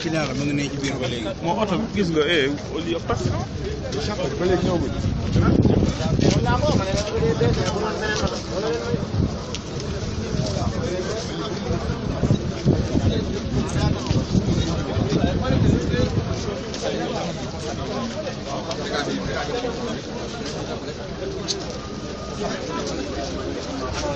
kinaara ma nga ne ci biir ba léegi. moo oto bi gis nga eh au lieu parce que. ba léegi ñëwagul. Thank you.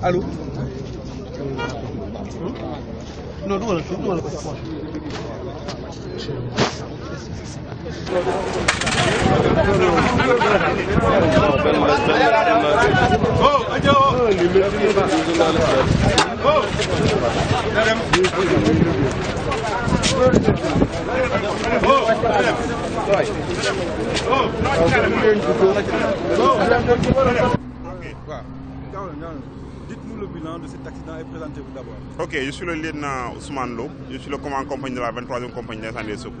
allo allo non dugal ko dugal ko sa poche non Dites-nous le bilan de cet accident et présentez-vous d'abord. Ok, compagnie de la 23e compagnie d'incendie et secours,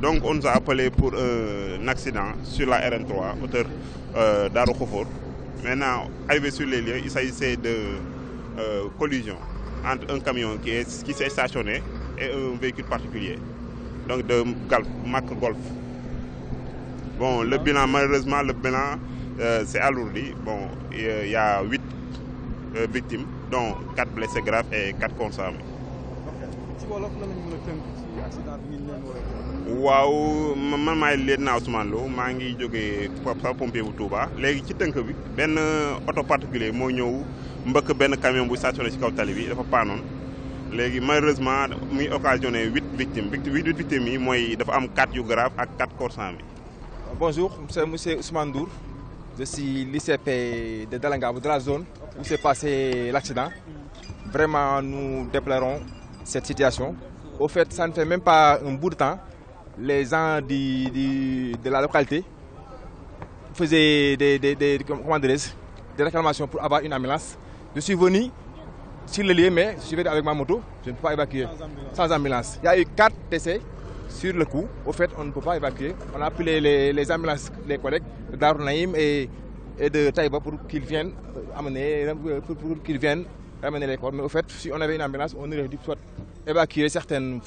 Donc on nous a appelé pour euh, un accident sur la RN3, hauteur euh, d'Aro Maintenant, arrivé sur les lieux, il s'agissait de euh, collision entre un camion qui est qui s'est stationné et un véhicule particulier. Donc de Golf, marque Golf. Bon, le bilan, malheureusement, le bilan euh, s'est alourdi. Bon, il y a huit euh, victimes, dont quatre blessés graves et quatre consommables. ci wolof la ñu mën a leen war a waaw man maay lieutenant Ousmane Lo maa ngi jóge jógee sa pompier bu Touba léegi ci tënk bi benn oto particulier moo ñëw mbëkk benn camion bu stationné ci kaw tali bi dafa paanoon léegi malheureusement muy occasionné huit victimes huit victimes yi mooy dafa am quatre yu grave ak quatre corps sans vie. Euh, bonjour monsieur monsieur Ousmane Ndour je suis l'ICP de Dalangabou de la zone où s'est l'accident vraiment nu déplorons cette situation. Au fait, ça ne fait même pas un bout de temps. Les gens du, du, de la localité faisaient des, des, des, des, réclamations pour avoir une ambulance. Je suis venu sur le lieu, mais je suis venu avec ma moto. Je ne peux pas évacuer sans ambulance. Il y a eu quatre décès sur le coup. Au fait, on ne peut pas évacuer. On a les, les ambulances, les collègues d'Arnaïm et, et de Taïba pour qu'ils viennent euh, amener, euh, pour, pour qu'ils ramener les corps mais au fait si on avait une ambulance on aurait dû soit évacuer certaines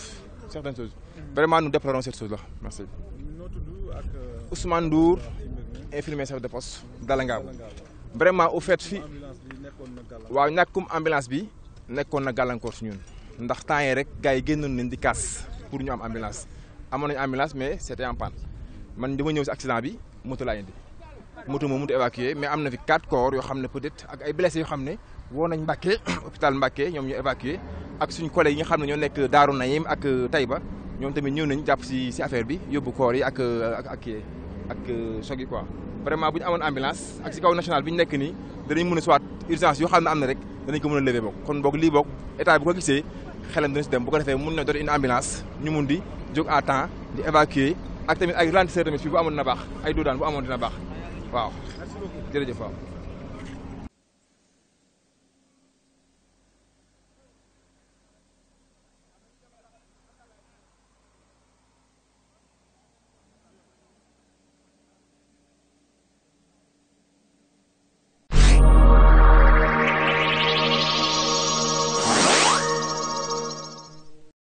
certaines choses mhm. vraiment nous déplorons cette chose là merci. Euh, Ousmane Ndour infirmier chef mhm. vraiment au fait fii waaw ñàkkum ambulance bi nekkoon na gàllankoor si ñun ndax temps yi rek gars yi génnoon nañ di kaas pour ñu am ambulance amoon nañu ambulance mais c'était en panne man dama ñëw si accident bi moto laa indi. moto moo mënut évacuer mais am na fi quatre corps yoo xam ne peut-être ak ay blessés yoo xam ne woo nañ hôpital Mbacke ñoom ñu évacuer ak suñ collègues yi xam ne ñoo nekk Daaru Nayim ak euh, Taïba ñoom tamit jàpp si affaire bi yóbbu corps yi ak euh, euh, bu ñu amoon ambulance ak bi ñu nekk nii danañ mën a soit urgence xam ne am na rek danañ ko mën a lever boog kon defee mën na doon une ambulance ñu mun di jóg à di évacuer ak tamit ay ralentisseur tamit fii bu amoon dina baax ay doodaan bu amoon dina baax waaw jërëjëf waaw